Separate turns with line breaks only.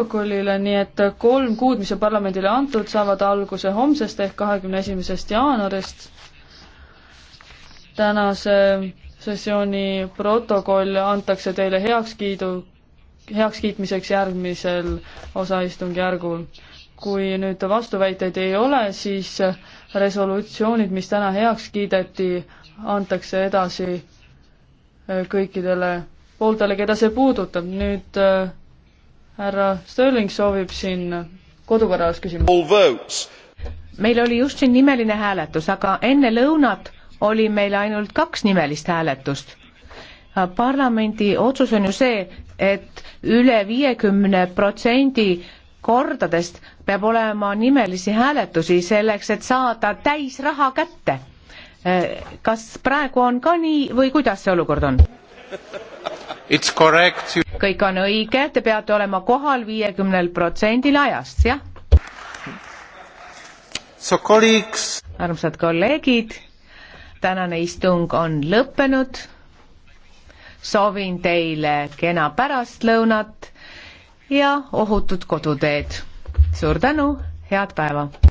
protokollile, nii et kolm kuud, mis on parlamendile antud, saavad alguse homsest ehk kahekümne esimesest jaanuarist. tänase sessiooni protokoll antakse teile heakskiidu, heakskiitmiseks järgmisel osaistungjärgul. kui nüüd vastuväiteid ei ole, siis resolutsioonid, mis täna heaks kiideti, antakse edasi kõikidele pooltele, keda see puudutab. nüüd äh, härra Sterling soovib siin kodukorras küsimus. meil oli just siin
nimeline hääletus, aga enne lõunat oli meil ainult kaks nimelist hääletust. parlamendi otsus on ju see, et üle viiekümne protsendi kordadest peab olema nimelisi hääletusi selleks, et saada täisraha kätte. kas praegu on ka nii või kuidas see olukord on?
It's correct you
kõik on õige, te peate olema kohal viiekümnel protsendil ajast, jah. armsad kolleegid, tänane istung on lõppenud. soovin teile kena pärastlõunat ja ohutut koduteed. suur tänu, head päeva!